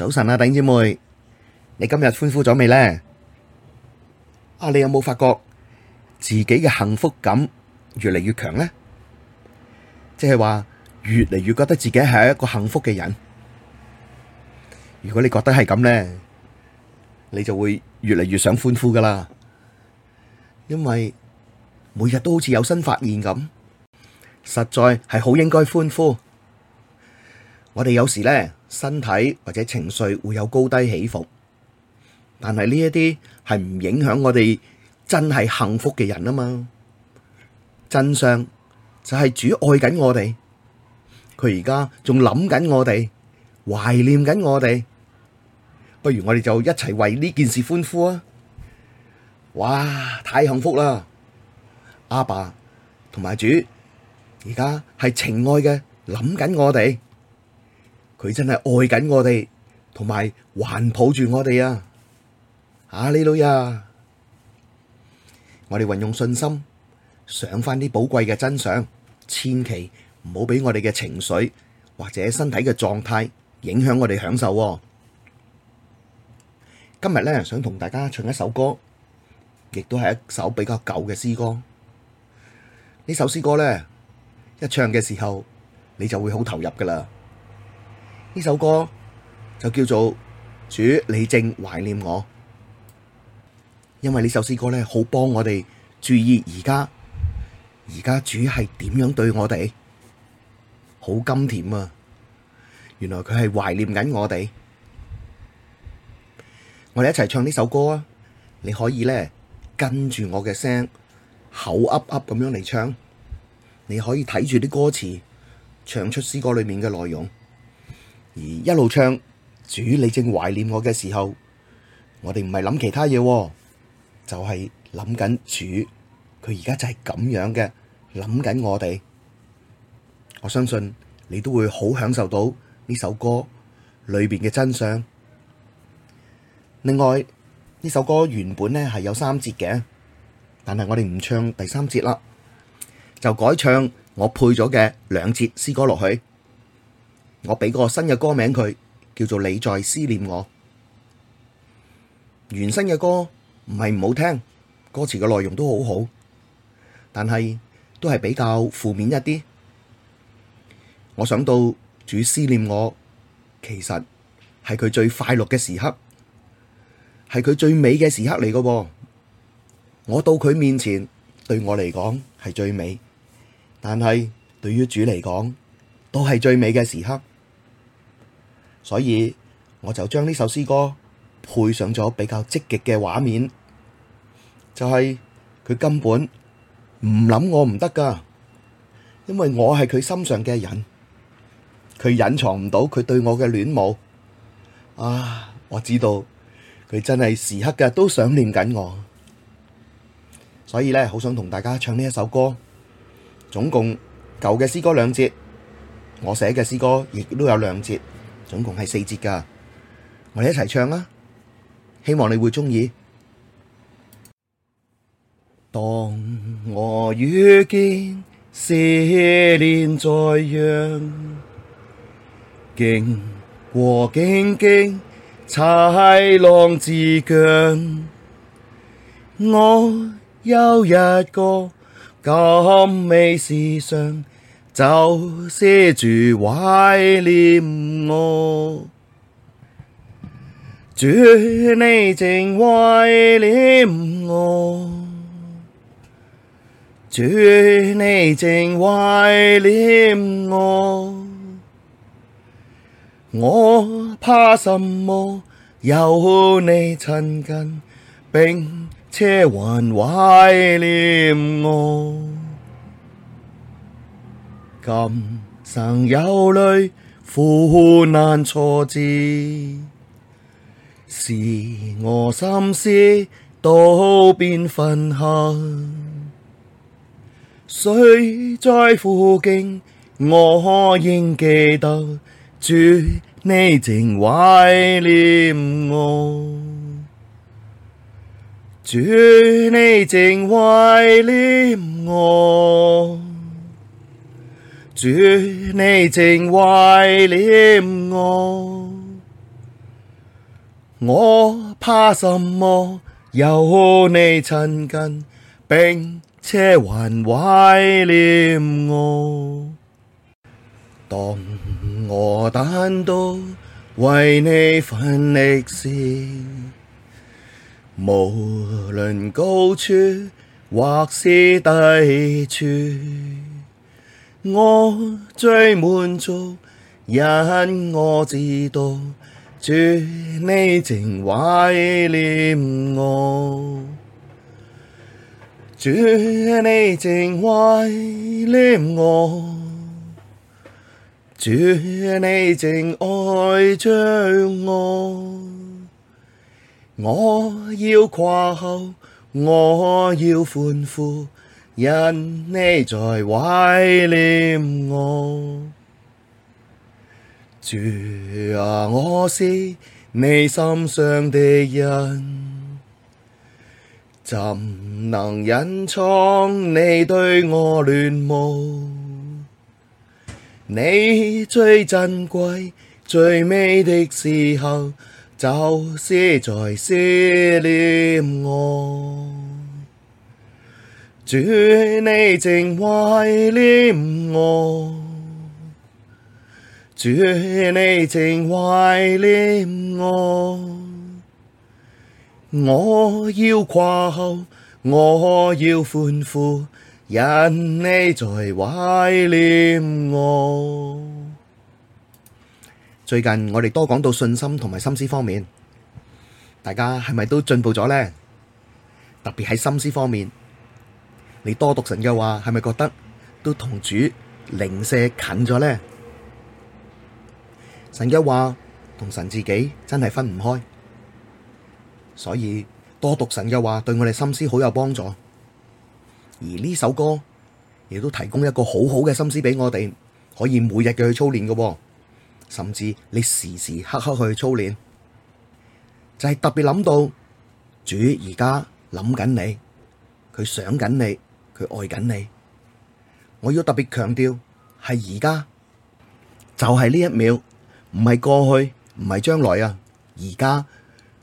早晨啊，弟姐妹，你今日歡呼咗未呢？啊，你有冇發覺自己嘅幸福感越嚟越強呢？即係話越嚟越覺得自己係一個幸福嘅人。如果你覺得係咁呢，你就會越嚟越想歡呼噶啦。因為每日都好似有新發現咁，實在係好應該歡呼。我哋有時呢。身體或者情緒會有高低起伏，但係呢一啲係唔影響我哋真係幸福嘅人啊嘛！真相就係主愛緊我哋，佢而家仲諗緊我哋，懷念緊我哋。不如我哋就一齊為呢件事歡呼啊！哇，太幸福啦！阿爸同埋主，而家係情愛嘅，諗緊我哋。佢真係愛緊我哋，同埋環抱住我哋啊！啊，呢度啊！我哋運用信心，想翻啲寶貴嘅真相，千祈唔好俾我哋嘅情緒或者身體嘅狀態影響我哋享受，啊。今日咧，想同大家唱一首歌，亦都係一首比較舊嘅詩歌。首詩歌，呢首詩歌咧，一唱嘅時候，你就會好投入㗎喇。呢首歌就叫做主，你正懷念我。因為呢首詩歌咧，好幫我哋注意而家而家主係點樣對我哋，好甘甜啊！原來佢係懷念緊我哋，我哋一齊唱呢首歌啊！你可以咧跟住我嘅聲，口噏噏咁樣嚟唱，你可以睇住啲歌詞唱出詩歌裏面嘅內容。而一路唱主，你正懷念我嘅時候，我哋唔係諗其他嘢，就係諗緊主，佢而家就係咁樣嘅諗緊我哋。我相信你都會好享受到呢首歌裏邊嘅真相。另外呢首歌原本呢係有三節嘅，但係我哋唔唱第三節啦，就改唱我配咗嘅兩節詩歌落去。我俾個新嘅歌名佢，叫做《你在思念我》。原生嘅歌唔係唔好聽，歌詞嘅內容都好好，但係都係比較負面一啲。我想到主思念我，其實係佢最快樂嘅時刻，係佢最美嘅時刻嚟噶。我到佢面前，對我嚟講係最美，但係對於主嚟講，都係最美嘅時刻。所以我就將呢首詩歌配上咗比較積極嘅畫面，就係佢根本唔諗我唔得噶，因為我係佢心上嘅人，佢隱藏唔到佢對我嘅戀慕。啊，我知道佢真係時刻嘅都想念緊我，所以呢好想同大家唱呢一首歌。總共舊嘅詩歌兩節，我寫嘅詩歌亦都有兩節。總共係四節㗎，我哋一齊唱啦，希望你會鍾意。當我遇見試煉災殃，經過荊棘豺狼之疆，我有一個甘美思想，就是主懷念我，主你正懷念我，主你正懷念我。我怕什麼？有你親近，並且還懷念我。今生憂慮苦難挫折，使我心思都變昏黑。雖在苦境，我應記得，主你正懷念我，主你正懷念我。主，你正懷念我，我怕什麼？有你親近，並且還懷念我。當我單獨為你奮力時，無論高處或是低處。我最滿足，因我知道，主你正懷念我，主你正懷念我，主你正愛着我。我要誇口，我要歡呼。因你在懷念我，主啊，我係你心上的人，怎能隱藏你對我戀慕？你最珍貴、最美的時候，就是在思念我。主你正懷念我，主你正懷念我，我要誇口，我要歡呼，因你在懷念我。最近我哋多講到信心同埋心思方面，大家係咪都進步咗呢？特別喺心思方面。你多讀神嘅話，係咪覺得都同主靈舍近咗呢？神嘅話同神自己真係分唔開，所以多讀神嘅話對我哋心思好有幫助。而呢首歌亦都提供一個好好嘅心思畀我哋，可以每日嘅去操練嘅，甚至你時時刻刻去操練，就係特別諗到主而家諗緊你，佢想緊你。佢愛緊你，我要特別強調係而家，就係呢一秒，唔係過去，唔係將來啊！而家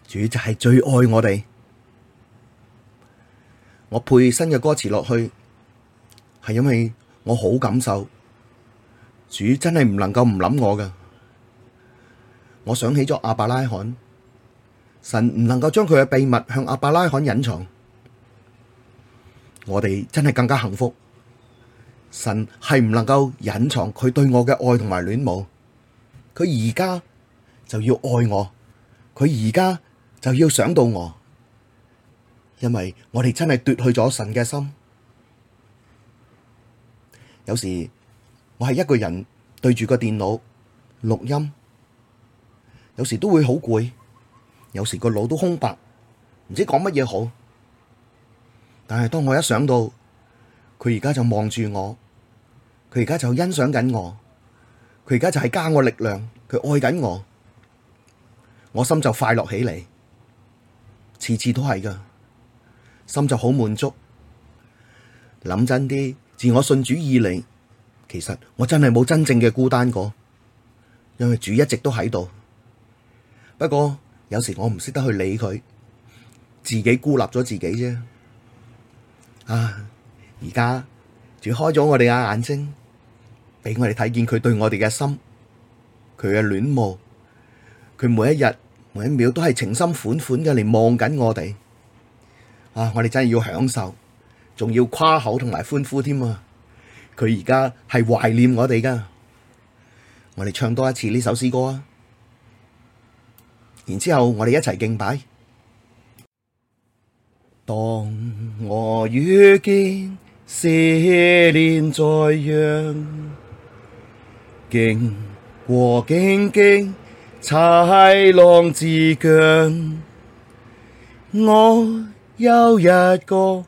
主就係最愛我哋。我配新嘅歌詞落去，係因為我好感受，主真係唔能夠唔諗我噶。我想起咗亞伯拉罕，神唔能夠將佢嘅秘密向亞伯拉罕隱藏。我哋真係更加幸福，神係唔能夠隱藏佢對我嘅愛同埋戀慕，佢而家就要愛我，佢而家就要想到我，因為我哋真係奪去咗神嘅心。有時我係一個人對住個電腦錄音，有時都會好攰，有時個腦都空白，唔知講乜嘢好。但係，當我一想到佢而家就望住我，佢而家就欣賞緊我，佢而家就係加我力量，佢愛緊我，我心就快樂起嚟，次次都係㗎，心就好滿足。諗真啲，自我信主以嚟，其實我真係冇真正嘅孤單過，因為主一直都喺度。不過有時我唔識得去理佢，自己孤立咗自己啫。啊！而家住開咗我哋嘅眼睛，俾我哋睇見佢對我哋嘅心，佢嘅戀慕，佢每一日每一秒都係情深款款嘅嚟望緊我哋。啊！我哋真係要享受，仲要誇口同埋歡呼添啊！佢而家係懷念我哋噶，我哋唱多一次呢首詩歌啊！然之後我哋一齊敬拜。當我遇見試煉災殃，經過荊棘豺狼之疆。我有一個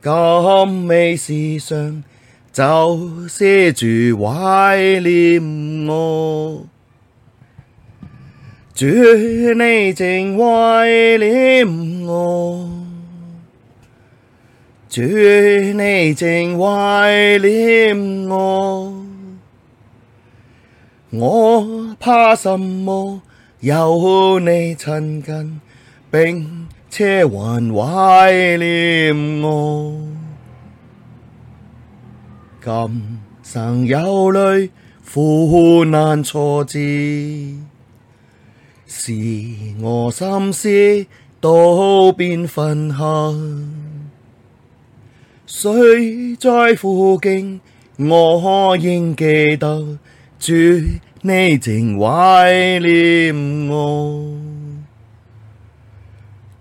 甘美思想，就是主懷念我，主你正懷念我。主，你正懷念我，我怕什麼？有你親近，並且還懷念我。今生有淚苦難挫折，使我心思都變昏黑。雖在附近，我應記得，主，你正懷念我，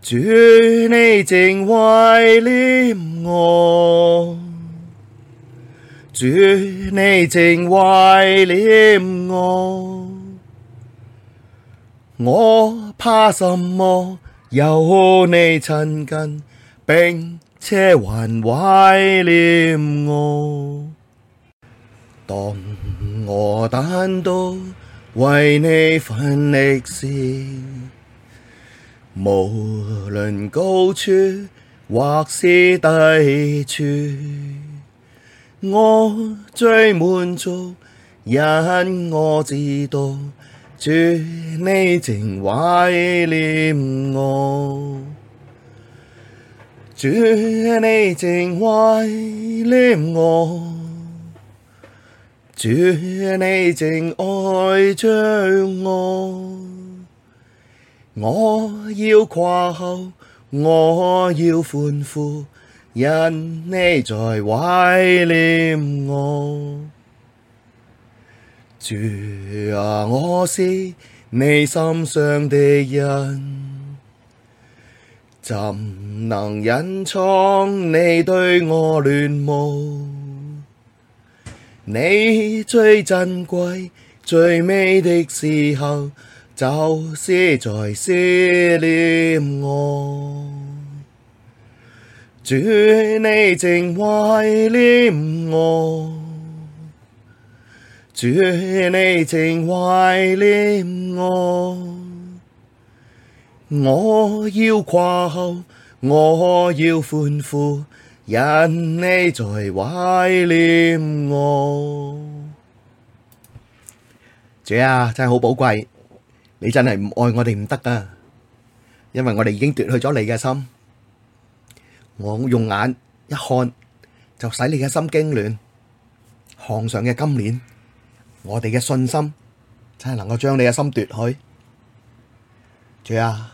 主，你正懷念我，主，你正懷念我。我怕什麼？有你親近，並。車還懷念我，當我單獨為你奮力時，無論高處或是低處，我最滿足，因我知道，主你正懷念我。主啊，你正懷念我，主啊，你正愛着我，我要誇口，我要歡呼，因你在懷念我，主啊，我是你心上的人。怎能隱藏你對我戀慕？你最珍貴、最美的時候，就是在思念我。主你正懷念我，主你正懷念我。我要誇口，我要歡呼，因你在懷念我。主啊，真係好寶貴，你真係唔愛我哋唔得啊！因為我哋已經奪去咗你嘅心，我用眼一看就使你嘅心驚亂，項上嘅金鏈，我哋嘅信心真係能夠將你嘅心奪去，主啊！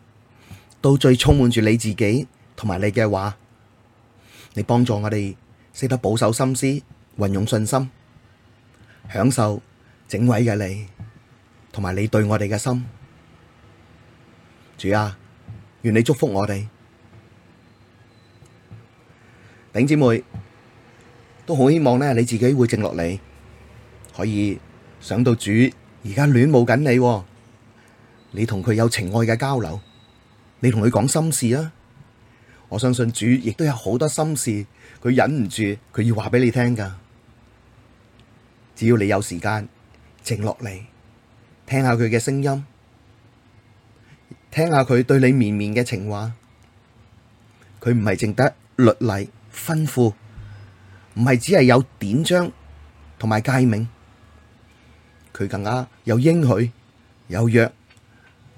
到最充滿住你自己同埋你嘅話，你幫助我哋識得保守心思、運用信心、享受整位嘅你，同埋你對我哋嘅心，主啊，願你祝福我哋。頂姊妹都好希望咧，你自己會靜落嚟，可以上到主，而家戀慕緊你，你同佢有情愛嘅交流。你同佢講心事啊！我相信主亦都有好多心事，佢忍唔住，佢要話俾你聽㗎。只要你有時間，靜落嚟聽下佢嘅聲音，聽下佢對你綿綿嘅情話。佢唔係淨得律例吩咐，唔係只係有典章同埋誡命，佢更加有應許有約。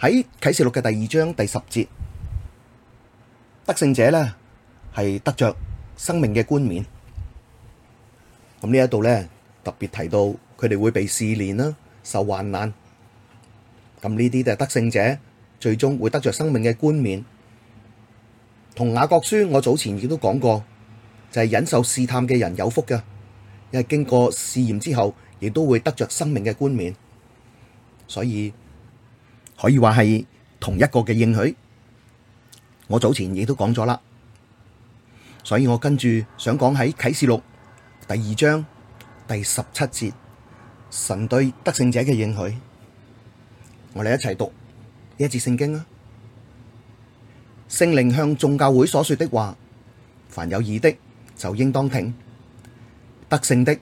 喺啟示錄嘅第二章第十節，得勝者呢係得着生命嘅冠冕。咁呢一度呢，特別提到，佢哋會被試煉啦，受患難。咁呢啲就係得勝者，最終會得着生命嘅冠冕。同雅各書我早前亦都講過，就係忍受試探嘅人有福㗎，因為經過試驗之後，亦都會得着生命嘅冠冕。所以。可以話係同一個嘅應許，我早前亦都講咗啦，所以我跟住想講喺啟示錄第二章第十七節，神對得勝者嘅應許，我哋一齊讀呢一節聖經啊，聖靈向眾教會所說的話，凡有耳的就應當聽，得勝的，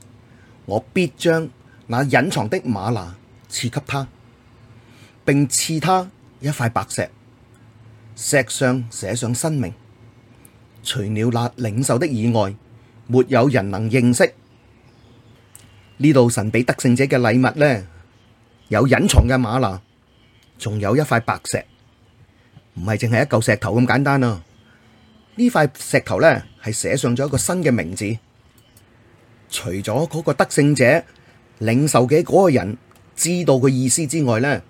我必將那隱藏的嗎哪賜給他。並賜他一塊白石，石上寫上新名。除了那領受的以外，沒有人能認識。呢度神俾得勝者嘅禮物呢，有隱藏嘅嗎哪，仲有一塊白石，唔係淨係一嚿石頭咁簡單啊！呢塊石頭呢係寫上咗一個新嘅名字，除咗嗰個得勝者領受嘅嗰個人知道嘅意思之外呢。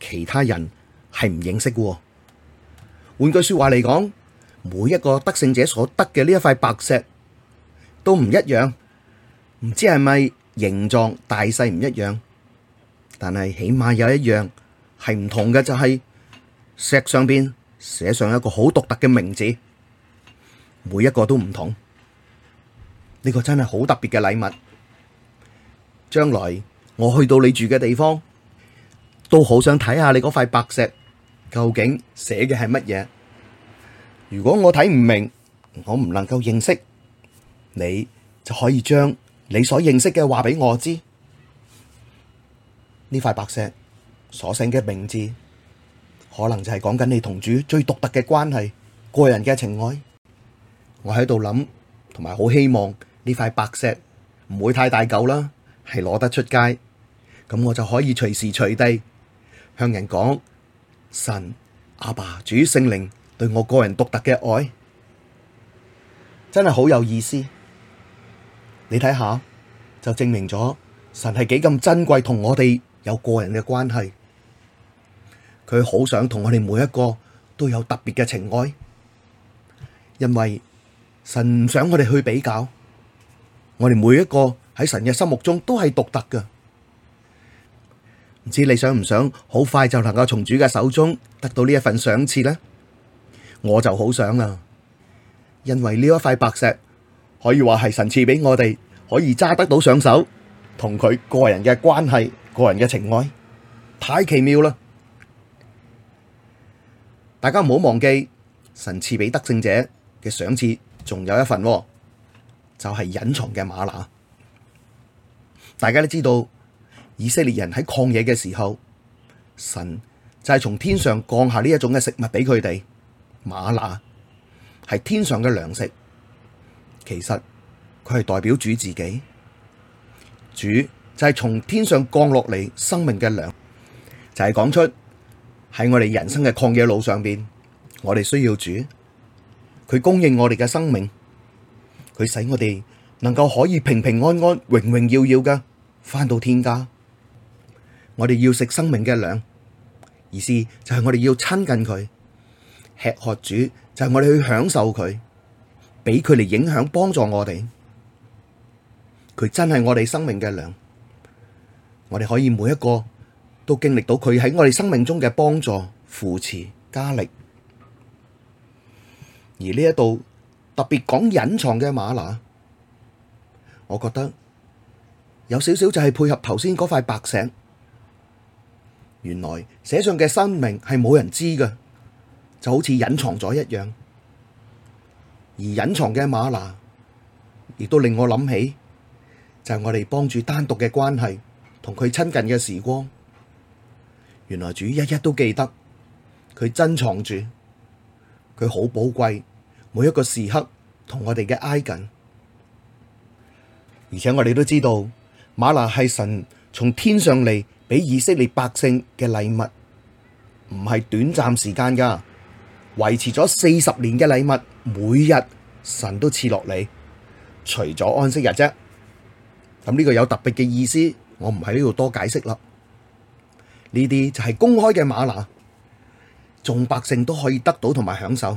其他人係唔認識嘅、啊。換句話說話嚟講，每一個得勝者所得嘅呢一塊白石都唔一樣，唔知係咪形狀大細唔一樣，但係起碼有一樣係唔同嘅、就是，就係石上邊寫上一個好獨特嘅名字，每一個都唔同。呢、這個真係好特別嘅禮物。將來我去到你住嘅地方。都好想睇下你嗰塊白石究竟寫嘅係乜嘢？如果我睇唔明，我唔能夠認識，你就可以將你所認識嘅話俾我知。呢塊白石所寫嘅名字，可能就係講緊你同主最獨特嘅關係、個人嘅情愛。我喺度諗，同埋好希望呢塊白石唔會太大嚿啦，係攞得出街，咁我就可以隨時隨地。向人講神阿爸主聖靈對我個人獨特嘅愛，真係好有意思。你睇下，就證明咗神係幾咁珍貴，同我哋有個人嘅關係。佢好想同我哋每一個都有特別嘅情愛，因為神唔想我哋去比較，我哋每一個喺神嘅心目中都係獨特嘅。唔知你想唔想好快就能夠從主嘅手中得到呢一份賞賜咧？我就好想啦，因為呢一塊白石可以話係神賜俾我哋，可以揸得到上手，同佢個人嘅關係、個人嘅情愛太奇妙啦！大家唔好忘記，神賜俾得勝者嘅賞賜仲有一份，就係、是、隱藏嘅嗎哪。大家都知道。以色列人喺曠野嘅時候，神就係從天上降下呢一種嘅食物俾佢哋。嗎哪係天上嘅糧食，其實佢係代表主自己。主就係從天上降落嚟生命嘅糧，就係、是、講出喺我哋人生嘅曠野路上邊，我哋需要主，佢供應我哋嘅生命，佢使我哋能夠可以平平安安、榮榮耀耀嘅返到天家。我哋要食生命嘅糧，而是就係我哋要親近佢，吃喝主就係我哋去享受佢，俾佢嚟影響幫助我哋，佢真係我哋生命嘅糧。我哋可以每一個都經歷到佢喺我哋生命中嘅幫助扶持加力。而呢一度特別講隱藏嘅嗎哪，我覺得有少少就係配合頭先嗰塊白石。原來寫上嘅生命係冇人知嘅，就好似隱藏咗一樣。而隱藏嘅嗎哪，亦都令我諗起，就係、是、我哋幫住單獨嘅關係同佢親近嘅時光。原來主一一都記得，佢珍藏住，佢好寶貴每一個時刻同我哋嘅挨緊。而且我哋都知道，嗎哪係神從天上嚟。俾以色列百姓嘅禮物唔係短暫時間㗎，維持咗四十年嘅禮物，每日神都賜落你，除咗安息日啫。咁、這、呢個有特別嘅意思，我唔喺呢度多解釋啦。呢啲就係公開嘅嗎哪，眾百姓都可以得到同埋享受，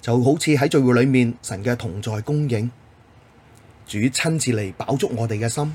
就好似喺聚會裏面神嘅同在供應，主親自嚟飽足我哋嘅心。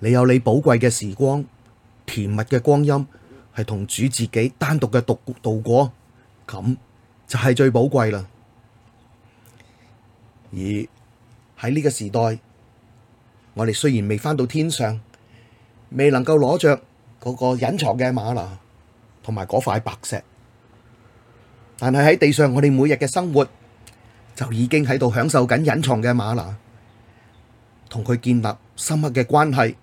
你有你寶貴嘅時光，甜蜜嘅光陰，係同主自己單獨嘅獨度過，咁就係最寶貴啦。而喺呢個時代，我哋雖然未返到天上，未能夠攞着嗰個隱藏嘅嗎哪，同埋嗰塊白石，但係喺地上，我哋每日嘅生活就已經喺度享受緊隱藏嘅嗎哪，同佢建立深刻嘅關係。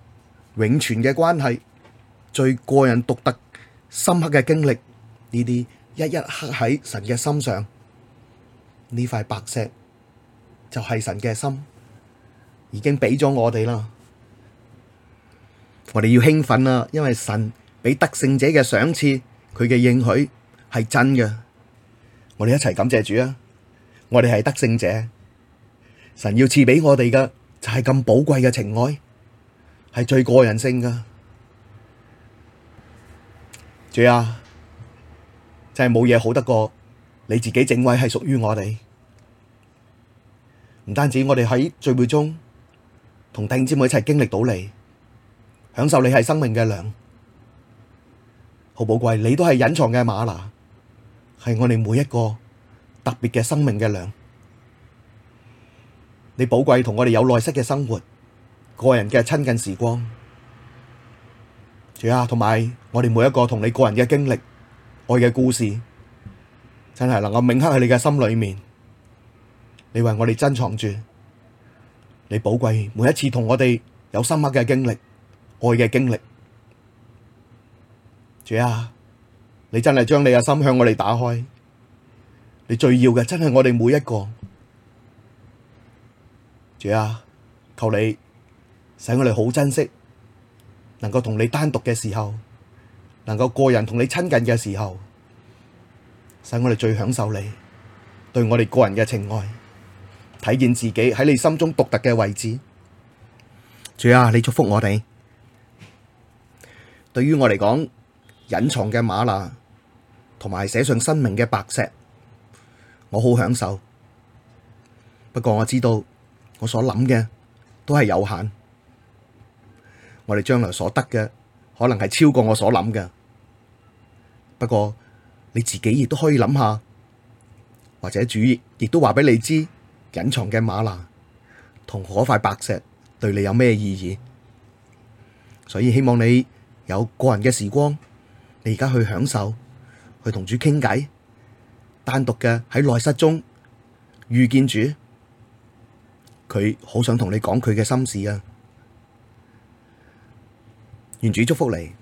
永存嘅關係，最個人獨特深刻嘅經歷，呢啲一一刻喺神嘅心上，呢塊白石就係神嘅心，已經俾咗我哋啦。我哋要興奮啦，因為神俾得勝者嘅賞賜，佢嘅應許係真嘅。我哋一齊感謝主啊！我哋係得勝者，神要賜俾我哋嘅就係咁寶貴嘅情愛。係最個人性噶，主啊！真係冇嘢好得過你自己，整位係屬於我哋。唔單止我哋喺聚會中同弟兄姊妹一齊經歷到你，享受你係生命嘅糧，好寶貴。你都係隱藏嘅嗎哪，係我哋每一個特別嘅生命嘅糧。你寶貴同我哋有內息嘅生活。個人嘅親近時光，主啊，同埋我哋每一個同你個人嘅經歷、愛嘅故事，真係能夠銘刻喺你嘅心裏面。你為我哋珍藏住，你寶貴每一次同我哋有深刻嘅經歷、愛嘅經歷。主啊，你真係將你嘅心向我哋打開。你最要嘅真係我哋每一個，主啊，求你。使我哋好珍惜，能夠同你單獨嘅時候，能夠個人同你親近嘅時候，使我哋最享受你對我哋個人嘅情愛，體現自己喺你心中獨特嘅位置。主啊，你祝福我哋。對於我嚟講，隱藏嘅嗎哪同埋寫上新名嘅白石，我好享受。不過我知道我所諗嘅都係有限。我哋將來所得嘅，可能係超過我所諗嘅。不過你自己亦都可以諗下，或者主亦都話俾你知，隱藏嘅嗎哪同嗰塊白石對你有咩意義？所以希望你有個人嘅時光，你而家去享受，去同主傾偈，單獨嘅喺內室中遇見主，佢好想同你講佢嘅心事啊！願主祝福你。